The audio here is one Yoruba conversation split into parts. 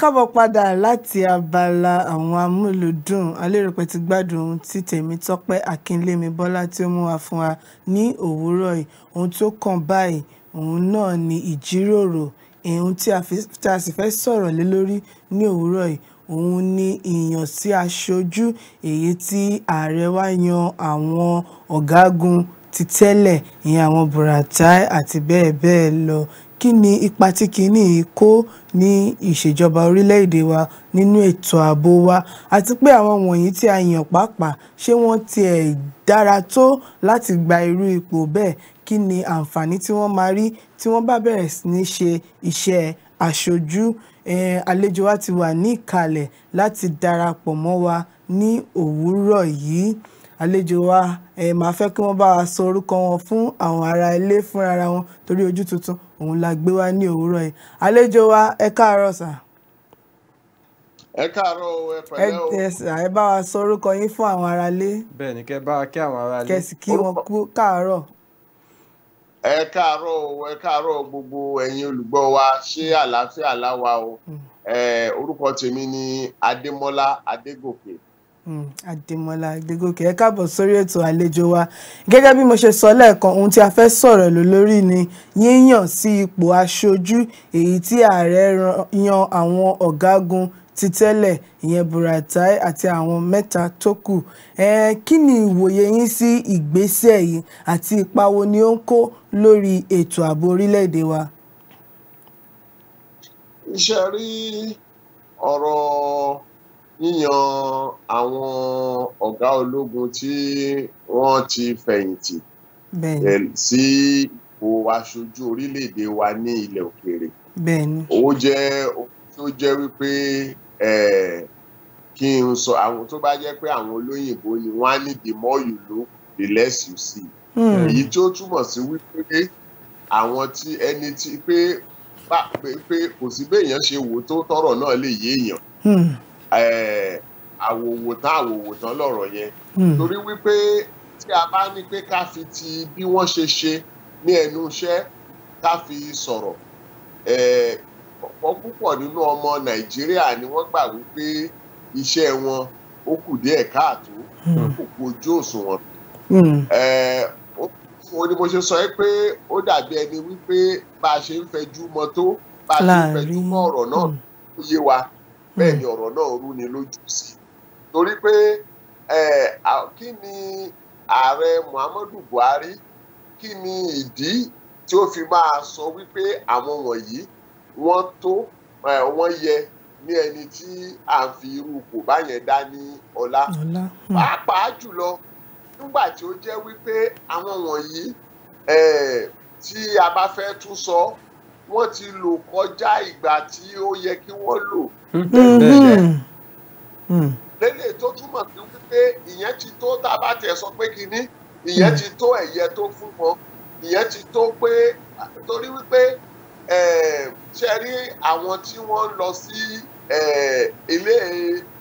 káàbọ̀ padà láti abala àwọn amúlùdùn alérèpé ti gbádùn ohun tí Tèmítọ́pẹ́ Akínlémi Bọ́lá tí ó mú wá fún wa ní òwúrọ̀ yìí ohun tó kàn báyìí òun náà ni ìjíròrò ohun tí a sì fẹ́ sọ̀rọ̀ lé lórí ní òwúrọ̀ yìí òun ni ìyàn sí aṣojú èyí tí ààrẹ wá yan àwọn ọ̀gágun ti tẹ́lẹ̀ ìyẹn àwọn Buratai àti bẹ́ẹ̀ bẹ́ẹ̀ lọ kí ni ipa tí kínní yìí kó ní ìṣèjọba orílẹ̀-èdè wa nínú ètò ààbò wa àti pé àwọn wọ̀nyí tí a yàn pàápàá ṣé wọ́n tiẹ̀ dára tó láti gba irú ipò bẹ́ẹ̀ kí ni àǹfààní tí wọ́n máa rí tí wọ́n bá bẹ̀rẹ̀ sí ní ṣe iṣẹ́ aṣojú àlejò wa ti wà ní ìkàlẹ̀ láti darapọ̀ mọ́ wa ní òwúrọ̀ yìí àlejò wa ẹ fẹ́ kí wọ́n bá wa sọ orúkọ wọn fún àwọn ará ilé fúnra wọn torí ojú tuntun òun la gbé wá ní òwúrọ̀ yìí àlejò wa ẹ káàárọ̀ sà. ẹ káàárọ̀ o ẹ pẹ̀lẹ́ o. ẹ bá wa sọ orúkọ yín fún àwọn aráalé. bẹ́ẹ̀ ni kẹ bá wa kí àwọn aráalé. kẹsì kí wọn kú káàárọ̀. ẹ káàárọ̀ o ẹ káàárọ̀ gbogbo ẹ̀yin olùgbọ́ wa ṣé àlàáfíà láwa o hmm. orúkọ tèmi ni Adémọ́lá Adégòkè. Hmm, Adémọ́lá Adégòkè ẹ káàbọ̀ sórí ètò àlejò wa gẹ́gẹ́ bí mo ṣe sọ lẹ́ẹ̀kan ohun tí a fẹ́ sọ̀rọ̀ lò lórí ni yíyàn sí ipò aṣojú èyí tí ààrẹ yan àwọn ọ̀gágun ti ìyẹn buratai àti àwọn mẹ́ta tó kù kí ni ìwòye yín sí ìgbésẹ̀ yìí àti ipa wo ni ó ń kó lórí ètò ààbò orílẹ̀-èdè wa. iṣẹ́ rí ọ̀rọ̀ yíyan àwọn ọ̀gá ológun tí wọ́n ti fẹ̀yìntì eh, sí ipò aṣojú orílẹ̀-èdè wa ní ilẹ̀ òkèèrè. ó jẹ́ ohun tó jẹ́ wípé eh, kí n sọ àwọn tó bá jẹ́ pé àwọn olóyìnbó ni wọ́n á ní the more you look the less you see. Hmm. èyí tó túmọ̀ sí wípé àwọn tí ẹni tí pé pé kò sí béèyàn ṣe wò tó tọ̀rọ̀ náà lè yé èèyàn. Hmm àwòwò eh, tá àwòwò tán lọ̀rọ̀ yẹn hmm. torí wípé tí a bá ní pé ká fi ti bí wọ́n ṣe ṣe ní ẹnu iṣẹ́ ká fi sọ̀rọ̀ eh, ọ̀pọ̀ púpọ̀ nínú ọmọ nàìjíríà ni wọ́n gbà wípé iṣẹ́ wọn ó kù díẹ̀ káàtó kò hmm. kú ojú òṣùwọ̀n hmm. eh, ó ní mo ṣe sọ pé ó dàbí ẹni wípé bá a ṣe ń fẹjú mọ́ tó bá a ṣe ń fẹjú mọ́ ọ̀rọ̀ náà ó yé wa bẹ́ẹ̀ ni ọ̀rọ̀ náà rú ni lójú sí torí pé kí ni ààrẹ Muhammadu Buhari kí ni ìdí tí ó fi máa sọ wípé àwọn wọ̀nyí wọ́n tó wọ́n yẹ ní ẹni tí à fi irú kò bá dá ní ọlá hmm. pàápàá jùlọ nígbà tí ó jẹ́ wípé àwọn wọ̀nyí tí a bá fẹ́ tún sọ wọ́n ti lò kọjá ìgbà tí ó yẹ kí wọ́n lò. lélẹ̀ hmm, hmm, hmm. tó túmọ̀ sí wípé ìyẹn ti tó tá a bá tẹ̀ sọ pé kínní ìyẹn ti tó ẹ̀yẹ tó fún wọn ìyẹn ti tó pé torí wípé eh, ṣe rí àwọn tí wọ́n lọ sí eh, ilé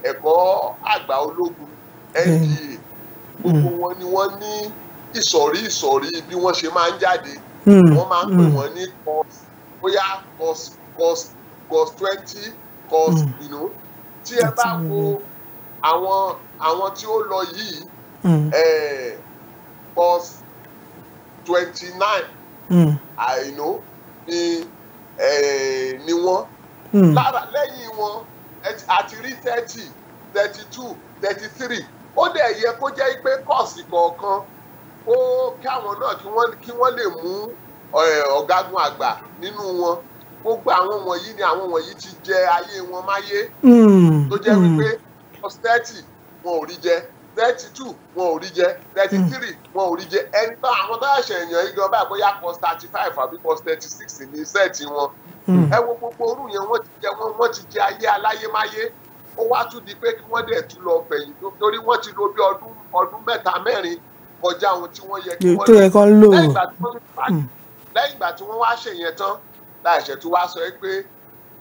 ẹ̀kọ́ àgbà ológun NDA gbogbo wọn ni wọ́n ní ìsọ̀rí ìsọ̀rí bí wọ́n ṣe máa ń jáde wọ́n máa ń pè wọ́n ní tọ́sí bóyá cost cost cost twenty cos hmm. you know tí ẹ bá wo hmm. àwọn àwọn tí ó lọ yìí hmm. cos twenty nine i know ni ni wọ́n lára lẹ́yìn wọn àti rí thirty thirty two thirty three ó dẹ̀ yẹ kó jẹ́ pé kọ́ọ̀sì kọ̀ọ̀kan ó káwọn náà kí wọ́n lè mú ọ̀gágun àgbà nínú wọn gbogbo àwọn wọ̀nyí ni àwọn wọ̀nyí ti jẹ ayé wọn máyé hmm. tó jẹ́ hmm. wípé thirty wọn ò rí jẹ thirty two wọn ò rí jẹ thirty three hmm. wọn ò rí jẹ ẹni tán àwọn tó àṣẹ èèyàn yìí gan báyìí bóyá pos thirty five àbí pos thirty six ní sẹ́ẹ̀tì wọn ẹ wo gbogbo orú yẹn wọ́n ti jẹ wọ́n wọ́n ti jẹ ayé aláyémáyé ó wá tún di pé kí wọ́n dẹ̀ tún lọ fẹ̀yìn torí wọ́n ti lò bí ọdún ọdún mẹ́ta mẹ́rin kọjá ohun tí wọ́n yẹ kí wọ́n lò lẹ́yìn ìgbà tí wọ́n ti pàṣẹ lẹ́yìn ìgbà tí wọ́n wá ṣèyẹn tán láìṣẹ̀ tí wọ́n á sọ pé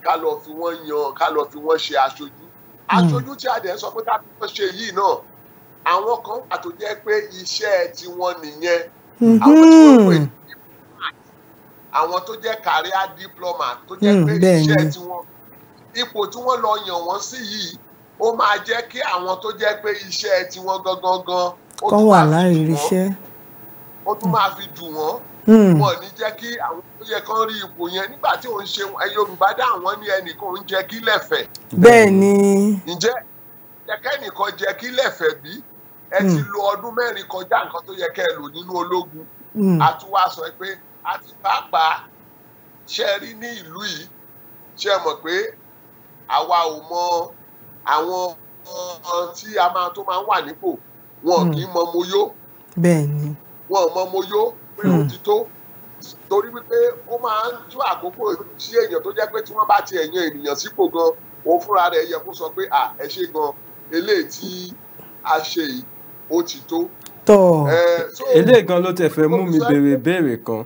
ká lọ fi wọ́n yan ká lọ fi wọ́n ṣe aṣojú hmm. aṣojú tí a dẹ̀ sọ pé ká fi wọ́n ṣe yìí náà àwọn kan àtòjẹ́ pé iṣẹ́ tiwọn nìyẹn hmm. àwọn tí wọ́n pè hmm. ní àwọn tó jẹ́ career diplomat tó jẹ́ pé iṣẹ́ tiwọn ipò tí wọ́n lọ yàn wọ́n sí yìí ó máa jẹ́ kí àwọn tó jẹ́ pé iṣẹ́ tiwọn gangan gan ó tún máa fi dùn wọ́n Hmm. wọn ní jẹ́ kí àwọn tó yẹ kán rí ipò yẹn nígbà tí òun ṣe Yorùbá dá àwọn ní ẹnìkan òun jẹ́ kí lẹ̀fẹ̀. bẹ́ẹ̀ ni. ǹjẹ́ ẹ̀kẹ́nìkan jẹ́ kí lẹ̀fẹ̀ bí ẹ ti hmm. lo ọdún mẹ́rin kọjá nǹkan tó yẹ kẹ́ ẹ lò nínú ológun àtúwá hmm. sọ pé àti pàápàá ṣe rí ní ìlú yìí ṣe mọ̀ pé àwa ò mọ àwọn tí a máa tó máa ń wà nípò wọn kì í mọ moyó. bẹ́ẹ̀ ni. wọn ò mọ moyó pé ó ti tó torí wípé ó máa ń tú àkókò sí èèyàn tó jẹ́ pé tí wọ́n bá ti ẹ̀yàn ènìyàn sípò gan òun fúnra rẹ̀ yẹ kó sọ pé à ẹ ṣe gan eléyìí tí a ṣe yìí ó ti tó. tọ́ eléyìí gan ló tẹ̀ fẹ́ mú mi béèrè béèrè kan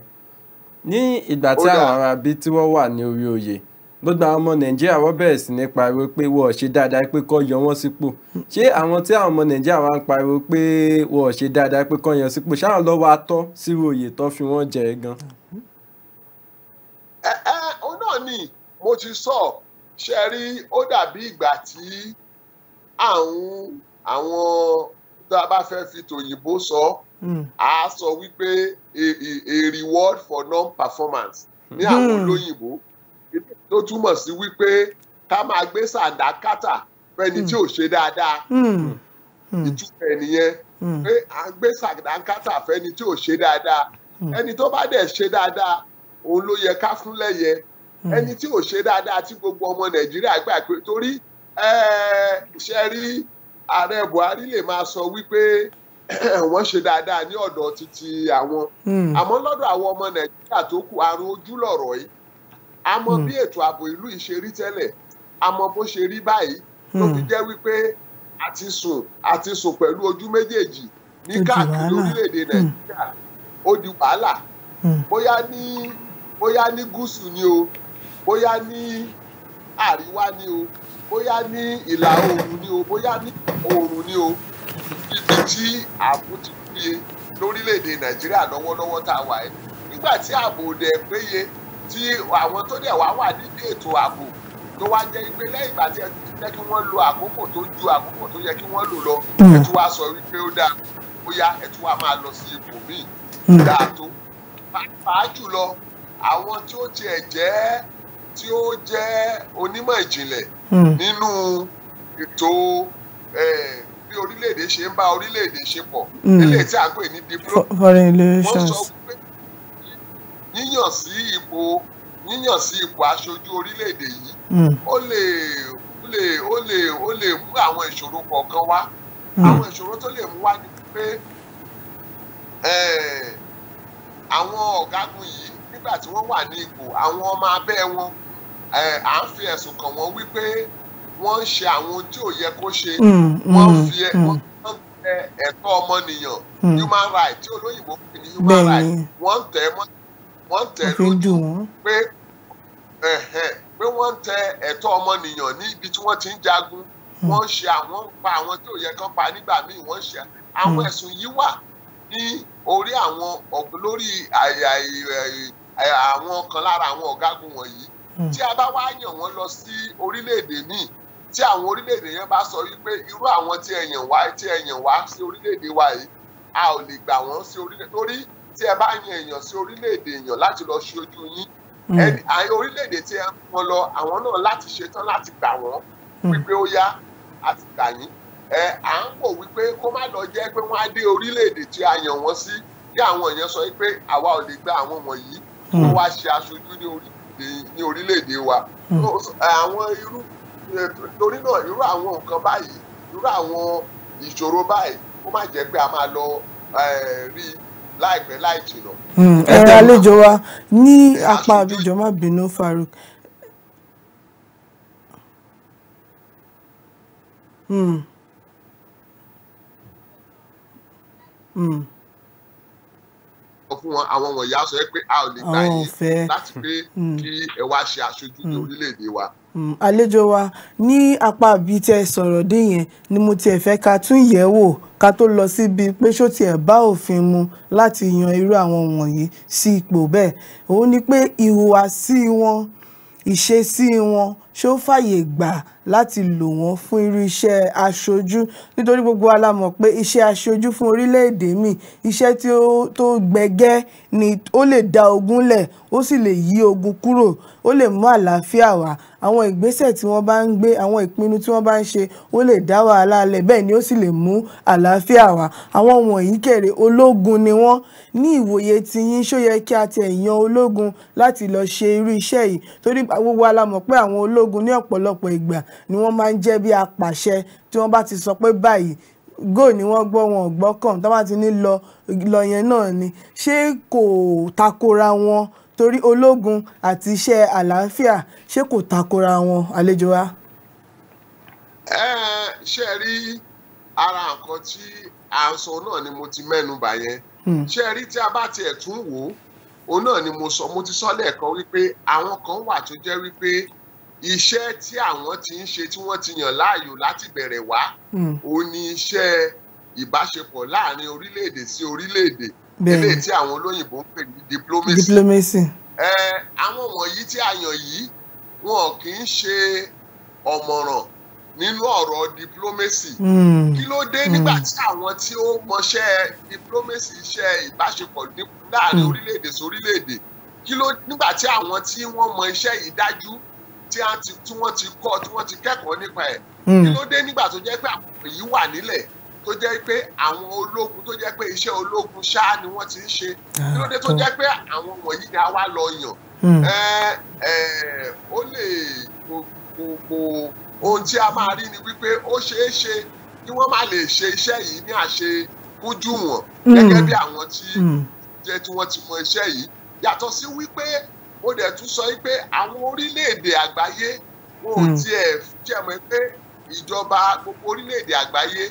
ní ìgbà tí àwọn ará bíi tí wọ́n wà ní orí oyè gbogbo àwọn ọmọ nàìjíríà wọ́n bẹ̀rẹ̀ sí ní pariwo pé wọ́n ṣe dáadáa pé kọ́ yọ wọ́n sípò ṣé àwọn tí àwọn ọmọ nàìjíríà wá pariwo pé wọ́n ṣe dáadáa pé kọ́ yọ sípò ṣáwọn lọ́wọ́ atọ́ sírò òye tó fi wọ́n jẹ gan. ẹ ẹ o náà ni mo ti sọ ṣe rí ó dàbí ìgbà tí àwọn àwọn tá a bá fẹ́ fi tòyìnbó sọ hmm. a sọ wípé a reward for non-performance ní àwọn hmm. olóyìnbó. Mm tó túmọ̀ sí wípé ká máa gbé sàdákàtà fẹ́ni tí ò ṣe dáadáa hmm. Hmm. Hmm. ìtumọ̀ ẹ̀ nìyẹn pé à ń gbé sàdákàtà fẹ́ni tí ò ṣe dáadáa ẹni tó bá dẹ̀ ṣe dáadáa òun ló yẹ ká fún lẹ́yẹ ẹni tí ò ṣe dáadáa tí gbogbo ọmọ nàìjíríà gbà pé torí ṣe rí ààrẹ buhari lè máa sọ wípé wọ́n ṣe dáadáa ní ọ̀dọ̀ títí àwọn àmọ́ lọ́dọ̀ àwọn ọmọ nàìjíríà tó kù àrùn ojú lọ̀rọ̀ yìí a mọ hmm. bí ètò ààbò ìlú yìí ṣe rí tẹ́lẹ̀ a mọ bó ṣe rí báyìí ló hmm. fi jẹ́ wípé a ti sùn a ti sùn pẹ̀lú ojú méjèèjì ní káàkiri orílẹ̀-èdè hmm. nàìjíríà ó di wàhálà bóyá ní bóyá ní gúúsù ni o bóyá ní àríwá ni o bóyá ní ìlà oòrùn ni o bóyá ní oòrùn ni o ibi tí ààbò ti péye lórílẹ̀-èdè nàìjíríà lọ́wọ́lọ́wọ́ tá a wà ẹ́ nígbà tí ààbò ò dẹ̀ péye tí àwọn tó dẹ̀ wá wà nídìí ètò ààbò tó wá jẹ́ pé lẹ́yìn ìgbà tí ẹ ti jẹ́ kí wọ́n lo àkókò tó ju àkókò tó yẹ kí wọ́n lò lọ hmm. ẹ tún wá sọ wípé ó dáa ó yá ẹ tún wá máa lọ sí ipò míì hmm. dáa tó pàápàá jùlọ àwọn tí ó tiẹ̀ jẹ́ tí ó jẹ́ onímọ̀ ìjìnlẹ̀ hmm. nínú ètò bí orílẹ̀-èdè ṣe ń bá orílẹ̀-èdè ṣe pọ̀ eléyìí tí a pè ní diplomacy wọ́n sọ pé yíyàn sí ipò yíyàn sí ipò aṣojú orílẹ̀-èdè yìí hmm. ó lè ó lè ó lè ó lè mú àwọn ìṣòro kọ̀ọ̀kan wá hmm. àwọn ìṣòro tó lè mú wá ni pé àwọn ọ̀gágun yìí nígbà tí wọ́n wà ní ipò àwọn ọmọ abẹ́ wọn à ń fi ẹ̀sùn kàn wọ́n wípé wọ́n ń ṣe àwọn ohun tí ò yẹ kó ṣe hmm, wọ́n fi ẹ̀tọ́ ọmọnìyàn human right tí olóyìnbó pè ní human right wọ́n tẹ̀ mọ́tò wọ́n tẹ lójú pé pé wọ́n tẹ ẹ̀tọ́ ọmọnìyàn ní ibi tí wọ́n ti ń jagun hmm. wọ́n ṣe àwọn pa àwọn tí ò yẹ kán pa nígbà míì wọ́n ṣe àwọn hmm. ẹ̀sùn yìí wà ní orí àwọn lórí àwọn kan lára àwọn ọ̀gágun wọ̀nyí hmm. tí a bá wá yàn wọ́n lọ sí orílẹ̀-èdè míì tí àwọn orílẹ̀-èdè yẹn bá sọ wípé irú àwọn tí ẹ yàn wá tí ẹ yàn wá sí orílẹ̀-èdè wa yìí a ò lè gbà wọ́n sí orílẹ̀-èdè torí tí ẹ bá yan èèyàn sí orílẹ̀-èdè èèyàn láti lọ ṣe ojú yín mm. orílẹ̀-èdè tí ẹ mọ̀ lọ àwọn náà láti ṣetán láti gbà wọ́n mm. wípé ó yá àti gbà yín ẹ à ń wò wípé kó má lọ jẹ́ pé wọ́n á dé orílẹ̀-èdè tí a yàn wọ́n sí kí àwọn èèyàn sọ pé àwa ò lè gba àwọn wọ̀nyí kó mm. wá ṣe aṣojú ní orílẹ̀-èdè wa àwọn irú torí náà irú àwọn nǹkan báyìí irú àwọn ìṣòro báyìí kó má jẹ́ pé a máa lọ rí i láìpẹ́ láì jìnà. Hmm, ẹ̀rọ àlejò wa ní apá àbíjọ má bínú Farouk. Mm. Mm fún wọn àwọn wọ̀nyí á sọ pé a ò lè gbà yín láti pé hmm. kí ẹ wá ṣe aṣojú ní hmm. orílẹ̀-èdè wa. Hmm. àlejò wa ní apá bíi tẹ sọ̀rọ̀ dé yẹn ni mo tiẹ̀ fẹ́ ká tún yẹ̀ wò ká tó lọ síbi pé ṣó tiẹ̀ bá òfin mu láti yan irú àwọn wọ̀nyí sí ipò bẹ́ẹ̀ òun ni pé ìhùwàsí wọn ìṣesí wọn ṣó fàyè gbà láti lò wọ́n fún irú iṣẹ́ aṣojú nítorí gbogbo wa la mọ̀ pé iṣẹ́ aṣojú fún orílẹ̀-èdè mi iṣẹ́ tó gbẹgẹ́ ni ó lè dá ogun lẹ̀ ó sì lè yí ogun kúrò ó lè mú àlàáfíà wá àwọn ìgbésẹ̀ tí wọ́n bá ń gbé àwọn ìpinnu tí wọ́n bá ń ṣe ó lè dá wàhálà lẹ̀ bẹ́ẹ̀ ni ó sì lè mú àlàáfíà wá àwọn wọ̀nyí kéré ológun ni wọ́n ní ìwòye tiyín ṣó yẹ kí a tiẹ̀ yan ológun láti lọ ṣe irú iṣẹ́ yìí torí gbogbo wa pé àwọn ológun ní ọ̀pọ̀lọpọ̀ ìgbà ni wọ́n máa ń jẹ́ bí apàṣẹ tí wọ́n bá ti sọ pé báyìí go ni wọ́n gbọ́ wọn gbọ́ kàn tó bá ti ní lọ lọ yẹn náà ni ṣé kò takora wọn torí ológun àti iṣẹ́ àlàáfíà ṣé kò takora wọn àlejò wa. ẹ ẹ ṣe rí ara nǹkan tí à ń sọ náà ni mo ti mẹ́nu bà yẹn hmm. ṣe rí tí a bá tiẹ̀ tún wò ó náà ni mo sọ mo ti sọ lẹ́ẹ̀kan wípé àwọn kan wà tó jẹ́ wípé iṣẹ́ tí àwọn ti ń ṣe tí wọ́n ti yàn láàyò láti bẹ̀rẹ̀ wá ó hmm. ní iṣẹ́ ìbáṣepọ̀ láàrin orílẹ̀-èdè sí orílẹ̀-èdè eléyìí tí àwọn olóyìnbó ń pè ní diplomacy. diplomacy. ẹ àwọn wọ̀nyí tí a yàn yìí wọn kì í ṣe ọ̀mọ̀ràn nínú ọ̀rọ̀ diplomacy. Hmm. kí ló dé hmm. nígbà tí àwọn tí ó mọṣẹ́ diplomacy iṣẹ́ ìbáṣepọ̀ láàrin orílẹ̀-èdè sí orílẹ̀-èdè kí ló nígbà tí àwọn tí wọ́n mọ iṣẹ́ yìí dájú tí wọ́n ti kọ́ tí wọ́n ti kẹ́kọ̀ọ́ nípa ẹ̀ hmm. kí ló dé nígbà tó jẹ́ pé àwọn èyí wà nílẹ̀ tó jẹ́ pé àwọn ológun tó jẹ́ pé iṣẹ́ ológun ṣáá ni wọ́n ti ń ṣe ah, kí ló dé tó jẹ́ pé àwọn wọ̀nyí ni a wá lọ yàn hmm. ó lè kò ohun tí a máa rí ni wípé ó ṣeé ṣe kí wọ́n má lè ṣe iṣẹ́ yìí ní àṣe kújú wọn hmm. gẹ́gẹ́ bí àwọn tí jẹ́ tí wọ́n ti mọ iṣẹ́ yìí yàtọ̀ sí wípé ó dẹ̀ tún sọ pé àwọn orílẹ̀-èdè àgbáyé wọn ò tiẹ̀ jẹ́ mọ́ pé ìjọba gbogbo orílẹ̀-èdè àgbáyé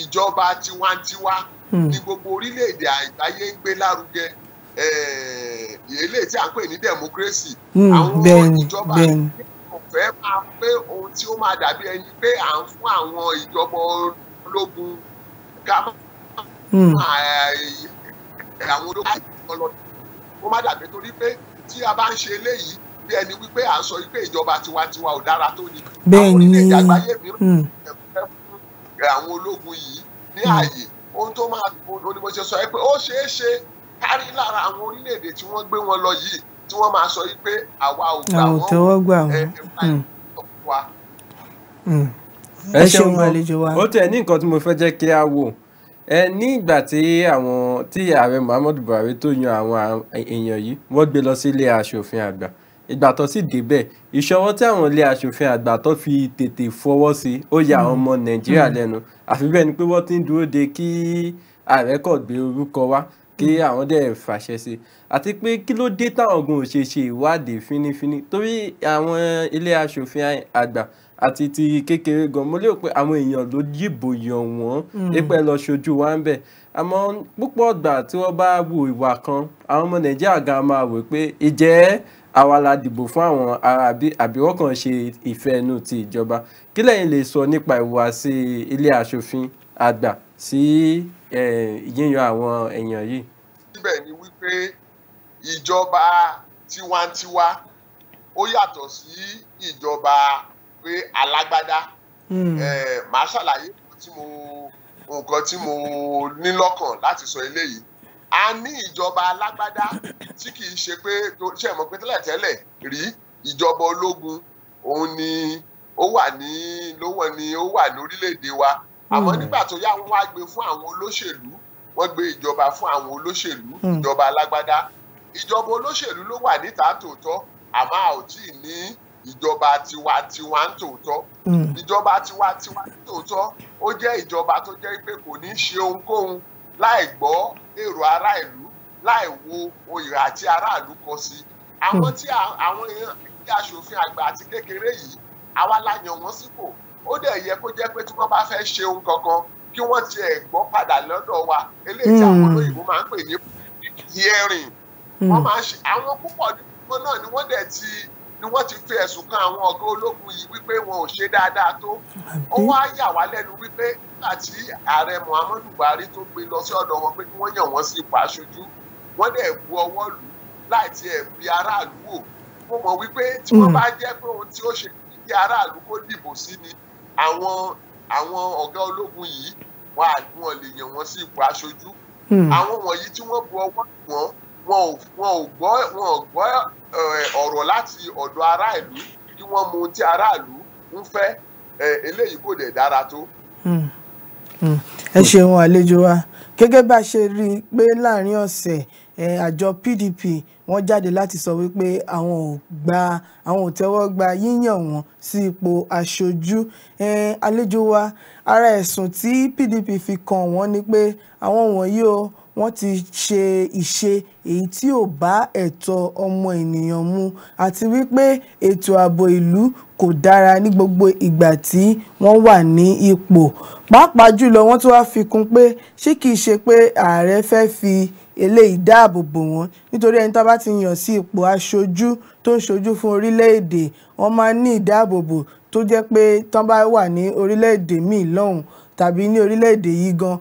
ìjọba tiwantiwa hmm. ni gbogbo orílẹ̀-èdè àgbáyé ń gbé lárugẹ eléyìí tí a ń pè ní democracy hmm, àwọn ìjọba ọ̀fẹ́ máa pé ohun tí ó máa dàbí ẹni pé à ń fún àwọn ìjọba ológun ká hmm. máa eh, àwọn ológun àti ọlọ́dún ó má dàbí torí pé tí a bá ń ṣe eléyìí bí ẹni wípé à ń sọ wípé ìjọba tiwantiwa ò dára tó ni àwọn orílẹ̀-èdè mìíràn hmm. ẹ̀fẹ́ àwọn ológun yìí ní hmm. ààyè ohun tó máa onímọ̀ọ́sẹ̀ sọ pé ó ṣeé ṣe kárí lára àwọn orílẹ̀-èdè tí wọ́n gbé wọn lọ yìí tí wọ́n máa sọ wípé àwa ò gbà wọ́n ẹ̀ ẹ̀ hmm. wa. ẹ ṣeun àlejò wa. ó tẹ̀ ní nǹkan tí mo fẹ́ jẹ́ kí a wò ẹ ní ìgbà tí àwọn tí ààrẹ Muhammadu Buhari tó yan àwọn èèyàn yìí wọ́n gbé lọ sí ilé aṣòfin àgbà ìgbà tó sì débẹ̀ ìṣọwọ́ tí àwọn ilé aṣòfin àgbà tó fi tètè fọwọ́ sí ó ya àwọn hmm. ọmọ Nàìjíríà hmm. lẹ́nu àfi bẹ́ẹ̀ ni pé wọ́n ti ń dúró de kí ààrẹ kó gbé orúkọ wá kí hmm. àwọn dẹ̀ fàṣẹ sí àti pé kí ló dé táwọn ogun ò ṣe ṣe ìwádìí fínífíní torí àwọn ilé aṣòfin àgbà àti ti kékeré gan mo lérò pé àwọn èèyàn ló yìbò yàn wọ́n hmm. pé lọ ṣojú wa ń bẹ̀ àmọ́ púpọ̀ ọ̀gbà tí wọ́n bá wo ìwà kan àwọn ọmọ nàìjíríà gan máa wò pé ìjẹ́ àwa la dìbò fún àwọn ará àbí wọ́n ṣe ìfẹ́ ti ìjọba kí lẹ́yìn lè sọ nípa ìhùwàsí ilé aṣòfin àgbà sí yíyan àwọn èèyàn yìí. síbẹ̀ ni wípé ìjọba tiwantiwa ó yàtọ̀ sí ìjọba pé alágbádá hmm. màá ṣàlàyé tí mo nǹkan tí mo ní lọ́kàn láti sọ eléyìí a ní ìjọba alágbádá tí kì í ṣe pé ṣe mọ̀ pé tẹ́lẹ̀tẹ́lẹ̀ rí ìjọba ológun òun ni ó wà ní lówó ni ó wà lórílẹ̀‐èdè wa àmọ́ hmm. nígbà tó yá wọ́n wá gbé fún àwọn olóṣèlú wọ́n gbé ìjọba fún àwọn olóṣèlú hmm. ìjọba alágbádá ìjọba olóṣèlú ló wà níta tòótọ́ àmọ́ a ò tí ì ní ìjọba tiwantiwa ń tòótọ́ hmm. ìjọba tiwantiwa ń tòótọ́ ó jẹ́ ìjọba tó jẹ́ pé kò ní ṣe ohunkóhun láì gbọ́ èrò ará ìlú láì wo oyè àti aráàlú kọ sí àwọn hmm. tí àwọn ilé aṣòfin àgbà àti kékeré yìí àwa la yàn wọ́n sípò ó dẹ̀ yẹ kó jẹ́ pé tí wọ́n bá fẹ́ ṣe ohun kankan kí wọ́n tiẹ̀ gbọ́ padà lọ́dọ̀ wa eléyìí tí àwọn hmm. olóyìnbó máa ń pè ní hearing wọ́n máa ń ṣe àwọn púpọ̀ nínú náà ni wọ́n dẹ̀ ti ni wọ́n ti fi ẹ̀sùn kan àwọn ọ̀gá ológun yìí wípé wọn ò ṣe dáadáa tó ó wá yà wá lẹ́nu wípé àti ààrẹ Muhammadu Buhari tó gbé lọ sí ọ̀dọ̀ wọn pé kí wọ́n yàn wọ́n sí ipò aṣojú wọ́n dẹ̀ bu ọwọ́ lù láì tiẹ̀ bi aráàlú wò mo mọ̀ wípé tí wọ́n hmm. bá jẹ́ pé ohun tí ó ṣe kí aráàlú kó dìbò sí ni àwọn àwọn ọ̀gá ológun yìí wọn àdúrà lè yàn wọ́n sí ipò aṣojú hmm. àwọn wọ̀nyí tí wọ́n bu ọwọ́ lù wọn ò wọn ò gbọ́ wọn ò gbọ́ eh, ọ̀rọ̀ láti ọ̀dọ̀ aráàlú kí wọ́n mú tí aráàlú ń fẹ́ eh, eléyìí kò dẹ̀ dára tó. Hmm. Hmm. ẹ ṣeun àlejò wa gẹ́gẹ́ bá a ṣe rí i pé láàrin ọ̀sẹ̀ eh, àjọ PDP wọ́n jáde láti sọ wípé àwọn ò gba àwọn ò tẹ́wọ́ gba yíyàn wọn sí ipò aṣojú àlejò wa ara ẹ̀sùn tí PDP fi kàn wọ́n ni pé àwọn wọ̀nyí o wọ́n ti ṣe ìṣe èyí tí ò bá ẹ̀tọ́ ọmọ ènìyàn mu àti wípé ètò ààbò ìlú kò dára ní gbogbo ìgbà tí wọ́n wà ní ipò pàápàá jùlọ wọ́n tún wá fi kún pé ṣé kìí ṣe pé ààrẹ fẹ́ fi eléyìí dáàbò bò wọ́n nítorí ẹni tó bá ti yàn sí ipò aṣojú tó ń ṣojú fún orílẹ̀-èdè wọ́n máa ń ní ìdáàbòbò tó jẹ́ pé tán bá wà ní orílẹ̀-èdè míì lọ́hùn tàbí ní orílẹ̀-èdè yìí gan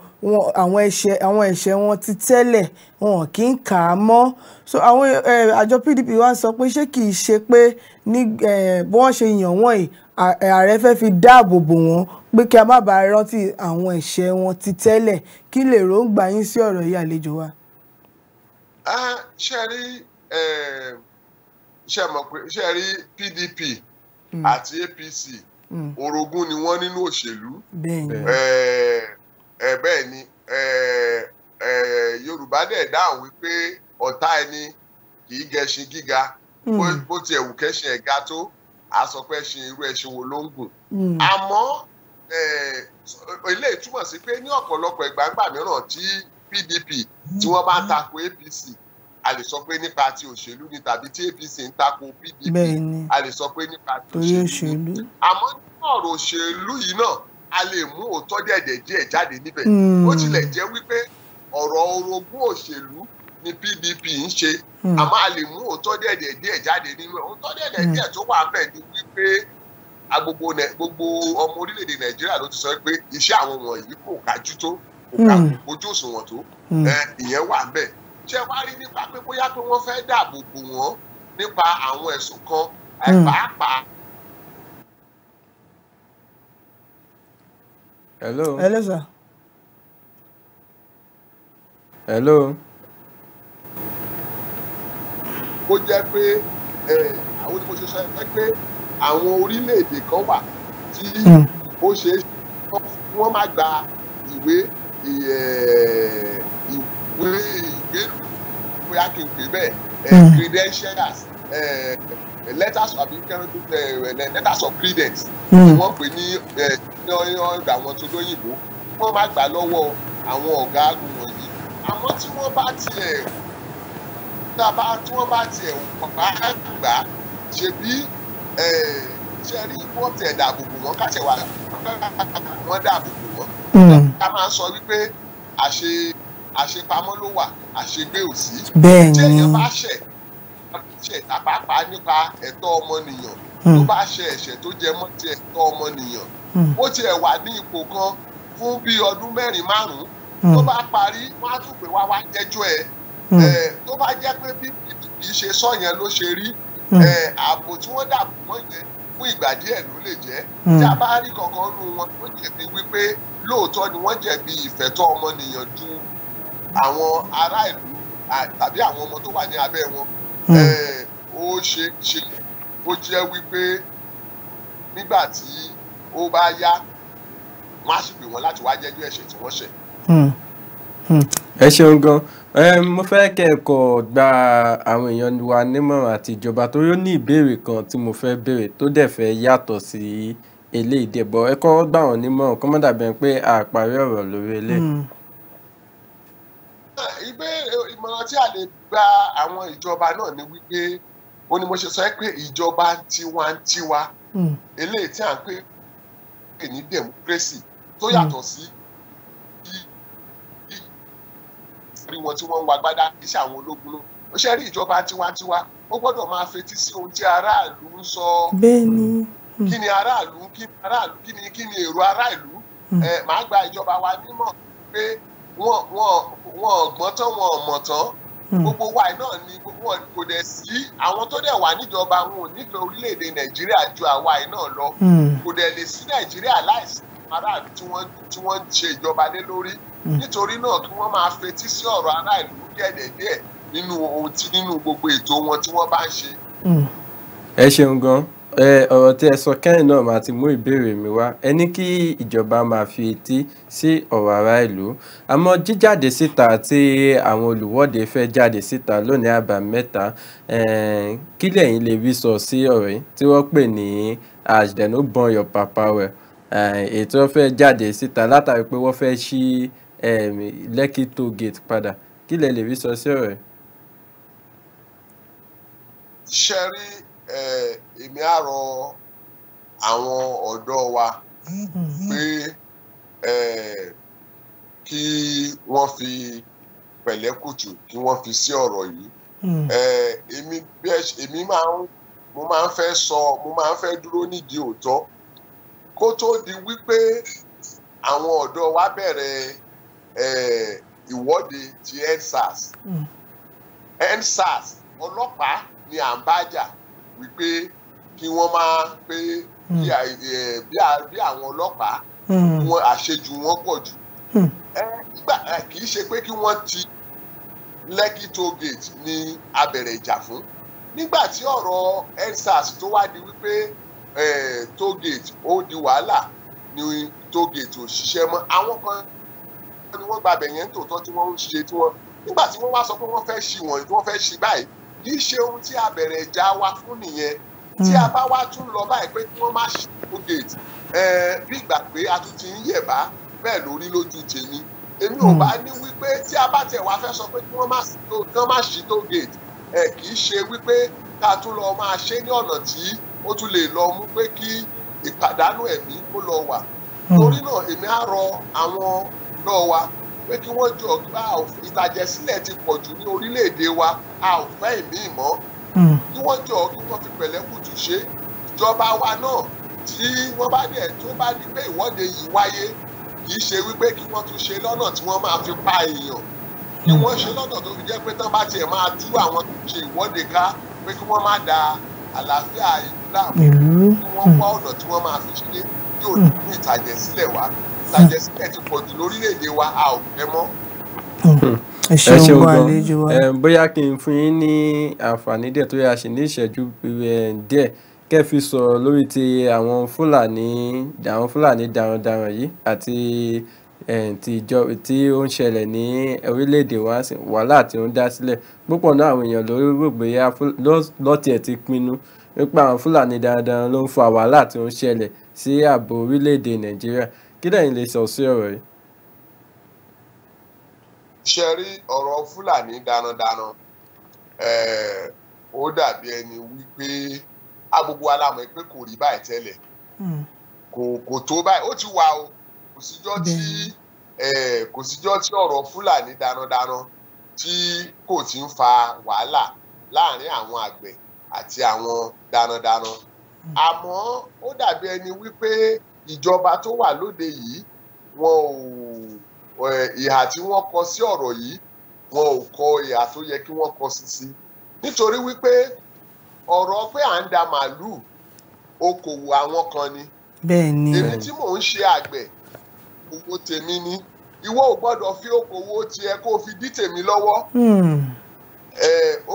àwọn ẹ̀ṣẹ̀ àwọn ẹ̀ṣẹ̀ wọn ti tẹ́lẹ̀ wọn kì í kà á mọ́ so àwọn àjọ PDP wá sọ pé ṣé kì í ṣe pé ní bí wọ́n ṣe yàn wọ́n yìí ààrẹ fẹ́ fi dáàbò bò wọ́n pé kí a má bàa rántí àwọn ẹ̀ṣẹ̀ wọn ti tẹ́lẹ̀ kí lè ròǹgbà yín sí ọ̀rọ̀ yìí àlejò wa. ṣe rí ṣe mọ̀ pé ṣe rí PDP hmm. àti APC orogún ni wọ́n nínú òṣèlú bẹ́ẹ̀ ni Yorùbá dẹ̀ dáhùn wípé ọ̀tá ẹni kì í gẹṣin gíga hmm. bó tiẹ̀ wù kẹṣin ẹ̀ ga tó a sọ pé ẹṣin irú ẹṣin wo ló ń gùn hmm. àmọ́ eléyìí túmọ̀ sí pé ní ọ̀pọ̀lọpọ̀ ìgbàgbà mìíràn tí PDP tí hmm. wọ́n bá ń takò APC a lè sọ pé nípa ti òṣèlú ni tàbí tí APC ń tako PDP a lè sọ pé nípa ti òṣèlú ni àmọ́ nínú ọ̀rọ̀ òṣèlú yìí náà a lè mú òótọ́ dẹ̀dẹ̀ díẹ̀ jáde níbẹ̀ hmm. ó tilẹ̀ jẹ́ wípé ọ̀rọ̀ orogún òṣèlú ni PDP ń ṣe hmm. àmọ́ a lè mú òótọ́ dẹ̀dẹ̀ díẹ̀ jáde nínú ẹ̀ òótọ́ dẹ̀dẹ̀ hmm. díẹ̀ tó wà bẹ́ẹ̀ ni wípé gbogbo gbogbo ọmọ orílẹ̀-èdè Nàìjíríà ló ti sọ pé iṣẹ́ àwọn wọ̀nyí kò kájú tó kò ká ojú òṣùwọ̀n tó ìyẹn wà bẹ́ẹ̀ ṣe wá rí nípa pé bóyá pé wọ́n fẹ́ dáàbò bò wọ́n nípa àwọn ẹ̀sùn kan hmm. pàápàá. hello. hello sir. hello. kó jẹ́ pé àwọn onímọ̀ ṣe sọ ẹ pé àwọn orílẹ̀-èdè kan wà tí hmm. ó ṣe é wọ́n máa gba ìwé pé ìgbélú pé a kì í pè bẹ́ẹ̀ eh, hmm. credentials eh, letters of eh, letters of credence hmm. ni wọ́n pè ní ọ̀dọ̀ àwọn tó lóyìnbó wọ́n má gbà lọ́wọ́ àwọn ọ̀gá àgùn wọ̀nyí àmọ́ tí wọ́n bá tiẹ̀ tí wọ́n bá tiẹ̀ ọ̀pá gbà ṣebí ṣe rí wọ́n tẹ̀ dàbòbò wọn káṣẹ̀ wà wọ́n dàbòbò wọn. ká hmm. máa sọ wípé àṣe àṣepamọ́ ló wà àṣegbé ò sí. bẹ́ẹ̀ni tí èèyàn bá ṣẹ̀ ṣẹ̀ tàpápá nípa ẹ̀tọ́ ọmọnìyàn tó hmm. bá ṣe ẹ̀ṣẹ̀ tó jẹ mọ́ ti ẹ̀tọ́ ọmọnìyàn hmm. ó tiẹ̀ wà ní ipò kan fún bíi ọdún mẹ́rin márùn-ún hmm. tó bá parí wọ́n á tún pè wá wá jẹ́jọ́ ẹ̀ tó bá jẹ́ pé bí kì í ṣe sọ yẹn ló ṣe rí ààbò tí wọ́n dàbò mọ́ yẹn fún ìgbà díẹ̀ ló lè jẹ́ tí a bá rí kankan nu wọn tó jẹ̀bi wípé lóòótọ́ ni wọ́n jẹ̀bi ìfẹ̀tọ́ ọmọnìyàn ju àwọn ará ìlú tàbí àwọn ọmọ tó wà ní abẹ́ wọn hmm. ó ṣe ṣe ó jẹ́ wípé nígbà tí ó bá yá wọ́n á sì pè wọ́n láti wá jẹ́jọ́ ẹ̀ṣẹ̀ tí wọ́n ṣẹ̀. Hmm. Hmm. ẹ ṣeun gan mo fẹ́ kẹ́ ẹ kọ̀ gba àwọn èèyàn wa nímọ̀ràn àti ìjọba torí ó ní ìbéèrè kan tí mo fẹ́ béèrè tó dẹ̀ fẹ́ yàtọ̀ sí eléyìí dẹ̀ bọ́ ẹ kọ́ gbà wọ́n nímọ̀ràn kọ́mọ́dà bẹ́ẹ̀ pé àpárí ọ̀rọ̀ lórí eléyìí ìbéèrè eh, ìmọ̀ràn tí a lè gba àwọn ìjọba náà ni wípé ó ní mo ṣe sọ pé ìjọba tiwantiwa hmm. eléyìí tí à ń pè ní democracy tó yàtọ̀ hmm. sí rí wọn tí wọ́n ń wa gbádá iṣẹ́ àwọn ológun ló ó ṣe rí ìjọba tiwantiwa ó gbọ́dọ̀ máa fetí sí ohun tí aráàlú ń sọ hmm. kí ni aráàlú kí ni aráàlú kí ni kí ni èrò aráàlú eh, màá gba ìjọba wa nímọ̀ pé wọn wọn wọn ọgbọ́n tán wọn ọmọ tán hmm. gbogbo wa náà ni gbogbo kò dẹ̀ sí àwọn tó dẹ̀ wà níjọba wọn ò nífẹ̀ẹ́ orílẹ̀-èdè nàìjíríà ju àwa náà lọ hmm. kò dẹ̀ lè sí nàìjíríà láìsí aráàlú tí wọ́n tí wọ́n ń ṣe ìjọba lé lórí hmm. nítorí náà kí wọ́n máa fetí sí ọ̀rọ̀ aráàlú díẹ̀díẹ̀ nínú ohun tí nínú gbogbo ètò wọn tí wọ́n bá ń ṣe. ẹ ṣeun gan-an ẹ ọ̀rọ̀ tí ẹ sọ kẹ́yìn náà máa ti mú ìbéèrè mi wá ẹ ní kí ìjọba máa fi etí sí ọ̀rọ̀ ará ìlú àmọ́ jíjáde síta tí àwọn olùwọ́de fẹ́ jáde síta lónìí àbámẹ́ta kí lẹ́yìn lè rí sọ sí ọ̀rọ̀ tí wọ́n pè ní as dem no born your papa well ètò wọ́n fẹ́ jáde síta látàrí pé wọ́n fẹ́ ṣí Lekki toll gate padà kí lẹ́yìn lè rí sọ sí ọ̀rọ̀ ṣe rí èmi á rọ àwọn ọ̀dọ́ wa mm-hmm. pé kí wọ́n fi pẹ̀lẹ́kùtù kí wọ́n fi sí ọ̀rọ̀ yìí mm. èmi bí èmi máa ń mo máa ń fẹ́ sọ mo máa ń fẹ́ dúró nídìí òótọ́ kó tó di wípé àwọn ọ̀dọ́ wa bẹ̀rẹ̀ ìwọ́de ti EndSARS EndSARS mm. ọlọ́pàá ni à ń bá jà wípé kí wọ́n máa pé bí hmm. àwọn ọlọ́pàá hmm. wọn àṣejù wọn pọ̀ jù hmm. kì í ṣe pé kí wọ́n ti Lekki toll gate ní abẹ̀rẹ̀ ìjà fún nígbà tí ọ̀rọ̀ endsars tó wá di wípé toll gate ó di wàhálà ni toll gate ò ṣiṣẹ́ mọ́ àwọn kan ni wọ́n gbàbẹ̀ yẹn tòótọ́ tí wọ́n ń ṣe tí wọ́n nígbà tí wọ́n wá sọ pé wọ́n fẹ́ ṣí wọ̀nyí tí wọ́n fẹ́ ṣí báyìí kì í ṣe ohun tí a bẹ̀rẹ̀ ìjà wa fún nìyẹn tí hmm. a bá wá tún lọ báyìí pé kí wọ́n má ṣe kógèètì bí ìgbà pé a tún ti ń yẹ̀bá bẹ́ẹ̀ lórí lójú tèmi èmi ò hmm. bá ní wípé tí a bá tẹ̀ wá fẹ́ sọ pé kí wọ́n má ṣí tógèètì kì í ṣe wípé ká tún lọ máa ṣe ní ọ̀nà tí ó tún lè lọ mú pé kí ìpàdánù ẹ̀mí kó lọ wà hmm. torí náà èmi á rọ àwọn náà wa pé kí wọ́n jọ gbá ìtàjẹ̀sílẹ̀ ti pọ̀ jù ní orílẹ̀-èdè wa a ò fẹ́ ìmí mọ́ hmm. kí wọ́n jọ kí wọ́n fi pẹ̀lẹ́kùtù ṣe ìjọba wa náà tí wọ́n bá dẹ̀ tó bá di pé ìwọ́de yìí wáyé kì í ṣe wípé kí wọ́n tún ṣe lọ́nà tí wọ́n máa fi pa èèyàn kí hmm. wọ́n ṣe lọ́nà tó fi jẹ́ pé tán bá tiẹ̀ máa tú àwọn tó ṣe ìwọ́de ká pé kí wọ́n má da àlàáfíà ìlú láàmú kí wọ́n wá hmm. ọ̀nà tí wọ́n máa fi ṣe yóò ní ìtàjẹ̀sílẹ̀ wá tàjẹsílẹ̀ ti pọ̀ jù lórílẹ̀‐èdè wa a ò fẹ́ mọ́. ẹ ṣeun bá àlejò wa. bóyá kí n fún yín ní àǹfààní díẹ̀ tó yà ṣe ní ìṣẹ́jú díẹ̀ kẹ́ fi sọ̀rọ̀ lórí ti àwọn fúlàní àwọn fúlàní darandaran yìí àti tí ó ń ṣẹlẹ̀ ní orílẹ̀-èdè wa wàhálà tí ó ń dá sílẹ̀ púpọ̀ náà àwọn èèyàn lórí rògbòyà lọ́tìẹ̀ ti pinnu nípa àwọn fúlàní darandaran ló ń fa wàhálà tí ó ń ṣẹlẹ̀ sí ààbò orílẹ̀-èdè nàìjíríà kílẹ̀ yìí lè sọ sí ọ̀rọ̀ yìí. ṣe rí ọ̀rọ̀ fúlàní darandaran ó dàbí ẹni wípé agbogbo alamọ̀ pé kò rí báyìí tẹ́lẹ̀ hmm. kò tó báyìí ó ti wà o kò síjọ́ tí kò síjọ́ tí ọ̀rọ̀ fúlàní darandaran tí kò ti ń fa wàhálà láàrin àwọn àgbẹ̀ àti àwọn darandaran hmm. àmọ́ ó dàbí ẹni wípé ìjọba tó wà lóde yìí wọn ò ìhà tí wọ́n kọ sí ọ̀rọ̀ yìí wọn ò kọ ìhà tó yẹ kí wọ́n kọ sí sí nítorí wípé ọ̀rọ̀ pé à ń da màálùú okòwò àwọn kan ni bẹ́ẹ̀ni èmi tí mò ń ṣe àgbẹ̀ owó tèmi ni ìwọ ò gbọ́dọ̀ fi okòwò tiẹ̀ kó o fi dí tèmi lọ́wọ́ hmm.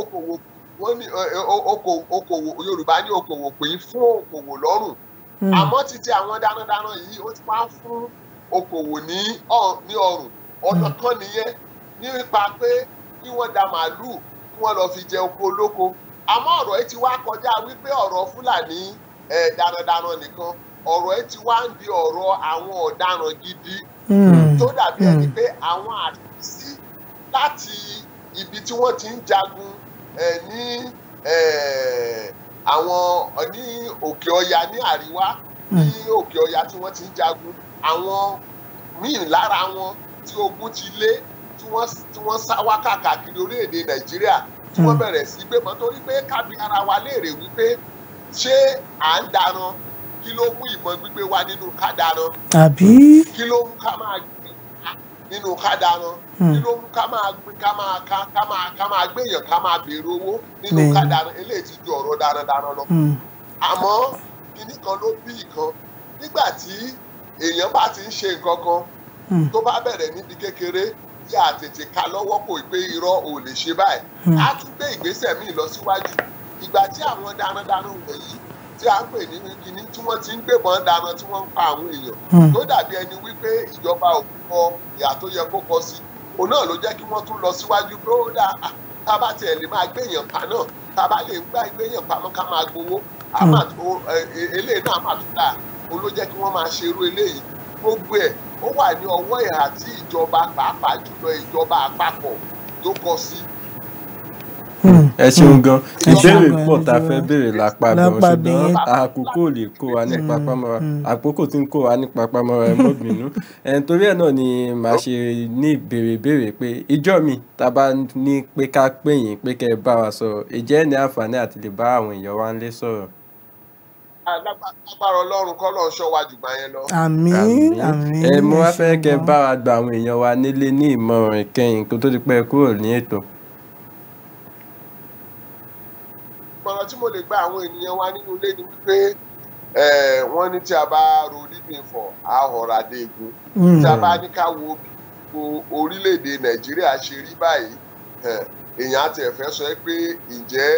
okòwò wọn ni okòwò Yorùbá ní okòwò pín fún okòwò lọ́rùn Hmm. àmọ́ títí àwọn darandaran yìí ó ti máa ń fún okòwò ní ọrùn ọ̀nà hmm. kan nìyẹn nípa pé kí wọ́n da màálùú kí wọ́n lọ fi jẹ oko olóko àmọ́ ọ̀rọ̀ yìí ti wá kọjá wípé ọ̀rọ̀ fúlàní darandaran nìkan ọ̀rọ̀ yìí ti wá ń di ọ̀rọ̀ àwọn ọ̀daràn gidi hmm. tó dàbí ẹni pé àwọn àtúnṣí láti ibi tí wọ́n ti ń jagun ní àwọn ní òkè ọya ní àríwá ní hmm. òkè ọya tí wọ́n ti ń jagun àwọn míì lára wọn tí ogun ti lé tí wọ́n sá wá káàkiri orílẹ̀-èdè nàìjíríà tí wọ́n hmm. bẹ̀rẹ̀ sí pé mọ́ torí pé kábí ara wa léèrè wípé ṣé à ń daran kí ló mú ìbọn gbígbé wa nínú ká daran kí ló mú ká máa nínú ká dáná nínú ká máa ká máa ká ká máa ká máa gbéyàn ká máa béèrè owó nínú ká dáná eléyìí ti ju ọ̀rọ̀ dáradára lọ hmm. àmọ́ kinní kan ló bí ìkan nígbà tí èèyàn bá ti ń ṣe nǹkan kan hmm. tó bá bẹ̀rẹ̀ níbi kékeré tí a tètè ka lọ́wọ́ kò pé irọ́ ò lè ṣe báyìí á hmm. tún gbé ìgbésẹ̀ míì lọ síwájú ìgbà tí àwọn darandaran wọ̀nyí tí a ń pè ní kìíní tí wọ́n ti ń gbébọn dáná tí wọ́n ń pa àwọn èèyàn hmm. tó dàbí ẹni wípé ìjọba ò kọ ìyà tó yẹ kó kọ sí òun náà ló jẹ́ kí wọ́n tún lọ síwájú pé ó dà tá a bá tiẹ̀ lè máa gbéyàn pa náà tá a bá lè gbá gbéyàn pamọ́ ká máa gbowó hmm. e, eléyìí náà máa tún dà ó ló jẹ́ kí wọ́n máa ṣerú eléyìí gbogbo ẹ̀ ó wà ní ọwọ́ ìhà tí ìjọba pàápàá jùlọ ìjọba àpapọ̀ tó kọ sí ẹ ṣeun gan ìbéèrè pọ̀ tá a fẹ́ béèrè lápapọ̀ ṣùgbọ́n àkókò lè kó wa ní papámọ́ra mm, mm. àkókò tí ń kó wa ní papámọ́ra ẹ mọ́ torí ẹ̀ náà ni màá ṣe ní ìbéèrè béèrè pé ìjọ mi tá a bá ní pé ká pè yín pé kẹ́ ẹ bá wa sọ̀rọ̀ ìjẹ́ ní àǹfààní àti lè bá àwọn èèyàn wa ń lé sọ̀rọ̀ alágbára ah, ọlọ́run kọ́ lọ́ọ́ ṣọ́ wa jù bá yẹn lọ. àmín àmín ẹ mo wá fẹ́ kẹ́ bá wa gba àwọn èèyàn wa nílé ní ìmọ̀ràn ìkẹyìn kó tó di pẹ́ kúrò ní ètò. ọ̀nà tí mo lè gba àwọn ènìyàn wa nínú ilé ni wípé wọ́n ní tí a bá ro dídùn ìfọ̀ họ̀rọ̀ adé egun hmm. tí a bá ní ká wo orílẹ̀-èdè nàìjíríà ṣe rí báyìí èèyàn àti ẹ̀fẹ́ sọ pé ǹjẹ́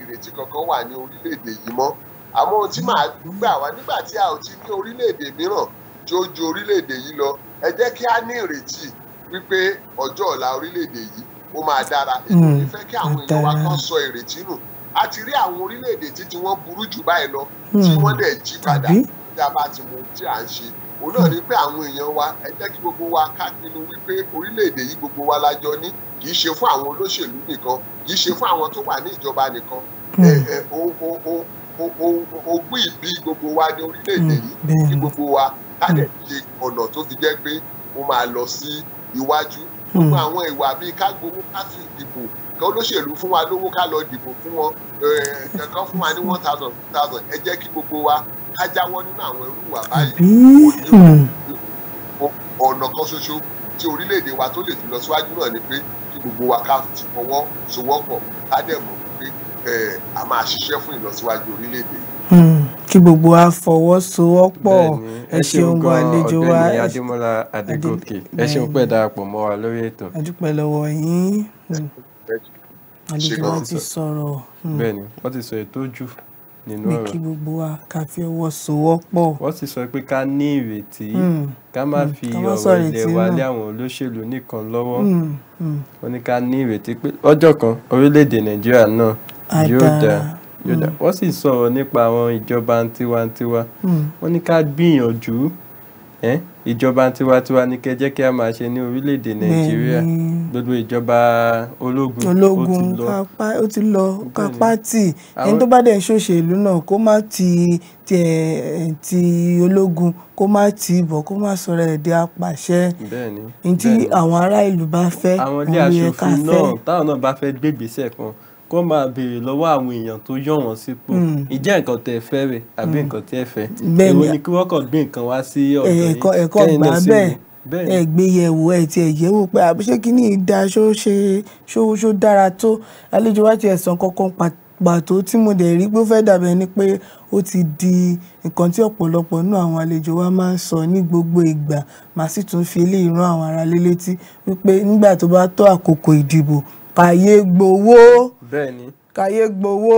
ìrètí kankan wà ní orílẹ̀-èdè yìí mọ́ àmọ́ ohun tí màá gbà wá nígbà tí a ò ti ní orílẹ̀-èdè mìíràn tí ó ju orílẹ̀-èdè yìí lọ ẹ jẹ́ kí a ní ìrètí wípé ọjọ́ ọ̀la orílẹ̀-èdè yìí ó máa dára èmi hmm. fẹ́ kí àwọn èèyàn wa kan sọ ìrètí nù a ti rí àwọn orílẹ̀-èdè tí tiwọn burú jù báyìí lọ hmm. tí wọ́n dẹ̀ jí padà tí a bá ti mú tí à ń ṣe òun náà ni pé àwọn èèyàn wa ẹ jẹ́ kí gbogbo wa ká pinnu wípé orílẹ̀-èdè yìí gbogbo wa la jọ ní kì í ṣe fún àwọn olóṣèlú nìkan kì í ṣe fún àwọn tó wà ní ìjọba nìkan hmm. ogún ìbí gbogbo wa ní orílẹ̀-èdè hmm. yìí kí gbogbo wa ká lè ṣe ọ̀nà tó fi jẹ́ pé ó máa lọ sí iwájú gbogbo àwọn ìwà bíi ká gbowó ká fi dìbò olóṣèlú fún wa lówó ká lọ dìbò fún wọn kankan eh, fún wa ní one thousand two thousand ẹ jẹ́ kí gbogbo wa ká jáwọ́ nínú àwọn irú wa báyìí hmm. ọ̀nà kan ṣoṣo tí orílẹ̀-èdè wa tó lè fi lọ síwájú náà ni pé kí gbogbo wa ká fọwọ́ sowọ́pọ̀ ká dẹ̀ mọ̀ pé eh, a máa ṣiṣẹ́ fún ìlọsíwájú orílẹ̀-èdè yìí. Hmm. kí gbogbo wa fọwọ́sowọ́pọ̀ ẹ ṣeun gan àlejò wa ọ̀gbẹ́ni Adémọ́lá Adégòkè ẹ ṣeun pẹ́ darapọ̀ mọ́ wa lórí ètò. a lọ́wọ́ yín. Hmm àlejò wa ti sọ̀rọ̀ hmm. bẹ́ẹ̀ni wọ́n ti sọ ètò jù nínú ọ̀rọ̀ pé kí gbogbo wa ká fi ọwọ́ sowọ́pọ̀. wọ́n sì sọ pé ká ní ìrètí hmm. ká má hmm. fi ọ̀rọ̀ ilẹ̀ wa lé àwọn olóṣèlú nìkan lọ́wọ́ wọ́n ní ká ní ìrètí pé ọjọ́ kan orílẹ̀ nàìjíríà náà yóò dáa yóò dáa wọ́n sì sọ̀rọ̀ nípa àwọn ìjọba tiwantiwa wọ́n ní ká gbìyànjú ìjọba tiwantiwa ni kẹ́ jẹ́ kí a máa ṣe ní orílẹ̀-èdè nàìjíríà gbogbo ìjọba ológun ológun ó ti lọ kápátì ẹni tó bá dẹ̀ ń ṣòṣèlú náà kó má ti tiẹ̀ ti ológun kó má ti ìbọ̀ kó má sọ̀rọ̀ ẹ̀ di apàṣẹ ní tí àwọn ará ìlú bá fẹ́ àwọn ilé aṣòfin náà táwọn náà bá fẹ́ gbégbèsè kan kó máa béèrè lọ́wọ́ àwọn èèyàn tó yàn wọ́n sípò hmm. ìjẹ́ nǹkan tẹ́ fẹ́ rẹ̀ àbí hmm. nǹkan tẹ́ fẹ́ èwo ni kí wọ́n kàn gbé nǹkan wá sí ọ̀dọ̀ yìí kẹ́yìn náà sí mi ẹ gbé yẹ̀wò ẹ ti ẹ yẹ̀wò pé àbúṣe kínní ìdá ṣó ṣe ṣó dára tó àlejò wá ti ẹ̀sán kankan pàtó tí mo dẹ̀ rí pé ó fẹ́ dàbẹ̀ ni pé ó ti di nǹkan tí ọ̀pọ̀lọpọ̀ nínú àwọn àlejò wa máa ń sọ ní gbogbo ìgbà màá sì tún fi eléyìí rán àwọn ará lélétí wípé nígbà tó bá tó àkókò ìdìbò pààyè gbowó bẹ́ẹ̀ni kàyé gbowó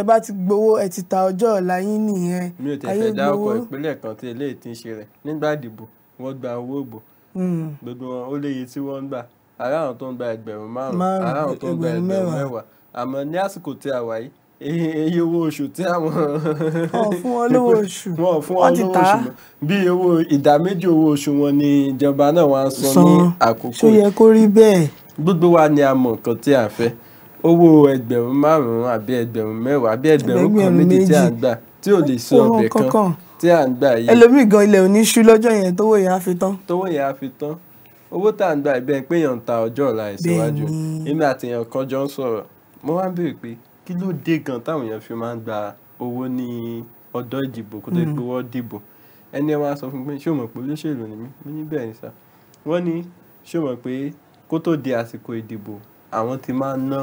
ẹ bá ti gbowó ẹ ti ta ọjọ́ ọ̀la yín nìyẹn mi ò tẹ̀fẹ̀ dá ọkọ̀ ìpínlẹ̀ kan tí eléyìí ti ń ṣe rẹ̀ nígbà ìdìbò wọ́n gba owó ìbò hmm. gbogbo wọn ó léye tí wọ́n ń gbà ará àwọn tó ń gba ẹgbẹ̀rún márùn-ún ará àwọn tó ń gba ẹgbẹ̀rún mẹ́wàá àmọ́ ní àsìkò tí a wà yìí iye owó oṣù tí àwọn. wọn fún wọn lówó oṣù wọn fún wọn lówó oṣù bí owó ìdá méjì owó oṣù wọn ni ìjọba náà wá ń san ní àkókò. ṣó yẹ kó rí bẹ́ẹ̀. gbogbo wa ni a mọ nǹkan tí a fẹ́ owó ẹgbẹ̀rún márùn-ún àbí ẹgbẹ̀rún mẹ́wàá àbí ẹgbẹ̀rún kan méjì tí à ń gbà tí ò lè san ọbẹ̀ kan tí à ń gbà yìí. ẹlòmíì gan ilẹ̀ òní ṣú lọ́jọ́ yẹn tówó yẹn á fi tán. tówó yẹn á fi tán owó tá à ń gbà ibẹ̀ pé èèyàn ta ọjọ́ ọ̀la ìsíwájú èmi àti èèyàn kan jọ ń sọ̀rọ̀ mo wá ń béèrè pé kí ló dé gan táwọn èèyàn fi máa ń gba owó ní ọ̀dọ̀ ìdìbò kó tó di pé mm. wọ́n dìbò ẹni ẹ máa sọ fún mi pé ṣé o mọ̀ pé olóṣèlú ni mí mo ní bẹ́ẹ̀ ni sá wọ́n ní ṣé o mọ̀ pé kó tó di àsìkò ìdìbò àwọn ti máa ń ná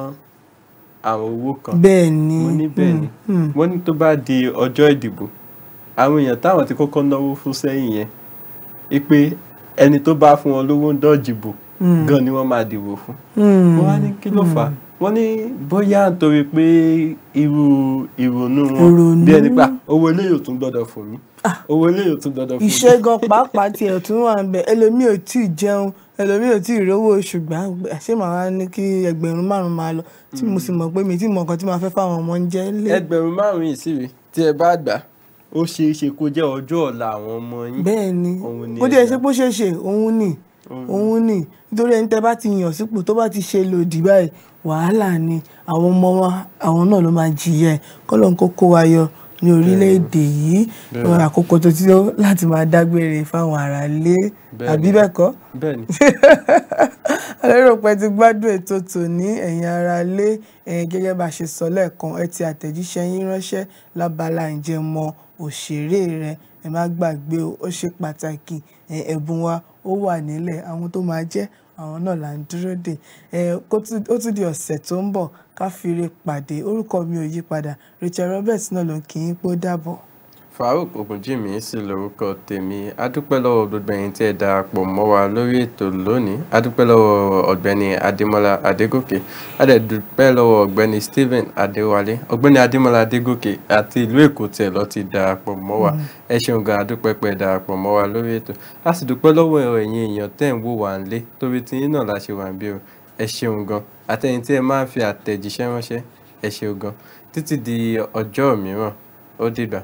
àwọn owó kan bẹ́ẹ̀ni mo ní bẹ́ẹ̀ni hmm, hmm. wọ́n ní tó bá di ọjọ́ ìdìbò àwọn èèyàn táwọn ti kọ́kọ́ náwó fún sẹ́yìn yẹn é pé ẹni tó bá fún wọn lówó ń dọ̀jìbò hmm. gan ni wọ́n máa dìbò fún wọ́n á ní kí ló fà á wọ́n ní bóyá nítorí pé irú ìrònú wọn bí ẹni pa owó eléyìí ò tún gbọ́dọ̀ fún mi owó eléyìí ò tún gbọ́dọ̀ fún mi. ìṣègùn pàápàá tiẹ̀ tún wà ń bẹ̀ ẹlòmíì ò tí jẹun ẹlòmíì ò tí ì rówó oṣù gbà ṣé màá wá ní kí ẹgbẹ̀rún márùn-ún máa lọ tí mo sì mọ̀ pé mi tí mọ̀ nǹkan tí màá fẹ́ fáwọn ọmọ ń jẹ́ lé. ẹgbẹ̀rún márùn-ún yìí sì rí tí ẹ bá gbà ó ṣe é ṣe kó jẹ́ ọjọ́ ọ̀la àwọn ọmọ yín. bẹ́ẹ̀ ni ó dé ṣe bó ṣe ṣe òun ni òun ni nítorí ẹni tẹ bá ti yàn sípò tó bá ti ṣe lòdì báyìí wàhálà ni àwọn ọmọ wa àwọn náà ló máa jìyà ẹ ní orílẹ̀-èdè yìí àkókò tó ti tó láti máa dágbére fáwọn aráalé àbí bẹ́ẹ̀ kọ́ alérò pé ti gbádùn ètò tòní ẹ̀yin aráalé gẹ́gẹ́ bá a ṣe sọ lẹ́ẹ̀kan ẹ ti àtẹ̀jíṣẹ́ yín ránṣẹ́ lábala ìjẹmọ òṣèré rẹ ẹ má gbàgbé ó ṣe pàtàkì ẹ̀bùn wa ó wà nílẹ̀ àwọn tó máa jẹ́ àwọn náà là ń dúró dè ó tún di ọ̀sẹ̀ tó ń bọ̀ káfíńre pàdé orúkọ mi ò yí padà Rachel Roberts náà ló ń kí yín pé ó dàbọ̀. Farouk Ogunjimi sì lórúkọ tèmi adúpẹ́ lọ́wọ́ gbogbo ẹ̀yin tí ẹ darapọ̀ mọ́ wa lórí ètò lónìí adúpẹ́ lọ́wọ́ ọ̀gbẹ́ni Adémọ́lá Adégòkè adẹ́dúpẹ́ lọ́wọ́ ọ̀gbẹ́ni Stephen Adéwálé ọ̀gbẹ́ni Adémọ́lá Adégòkè àti ìlú Èkó tiẹ̀ lọ ti darapọ̀ mọ́ wa mm-hmm. ẹ ṣeun gan adúpẹ́ pẹ́ darapọ̀ mọ́ wa lórí ètò a sì dúpẹ́ lọ́wọ́ ẹ̀yin la ṣe wà ẹ ṣeun gan àtẹ̀yin tí ẹ máa ń fi àtẹ̀jíṣẹ́ ránṣẹ́ ẹ ṣeun gan títí di ọjọ́ mìíràn ó dìgbà.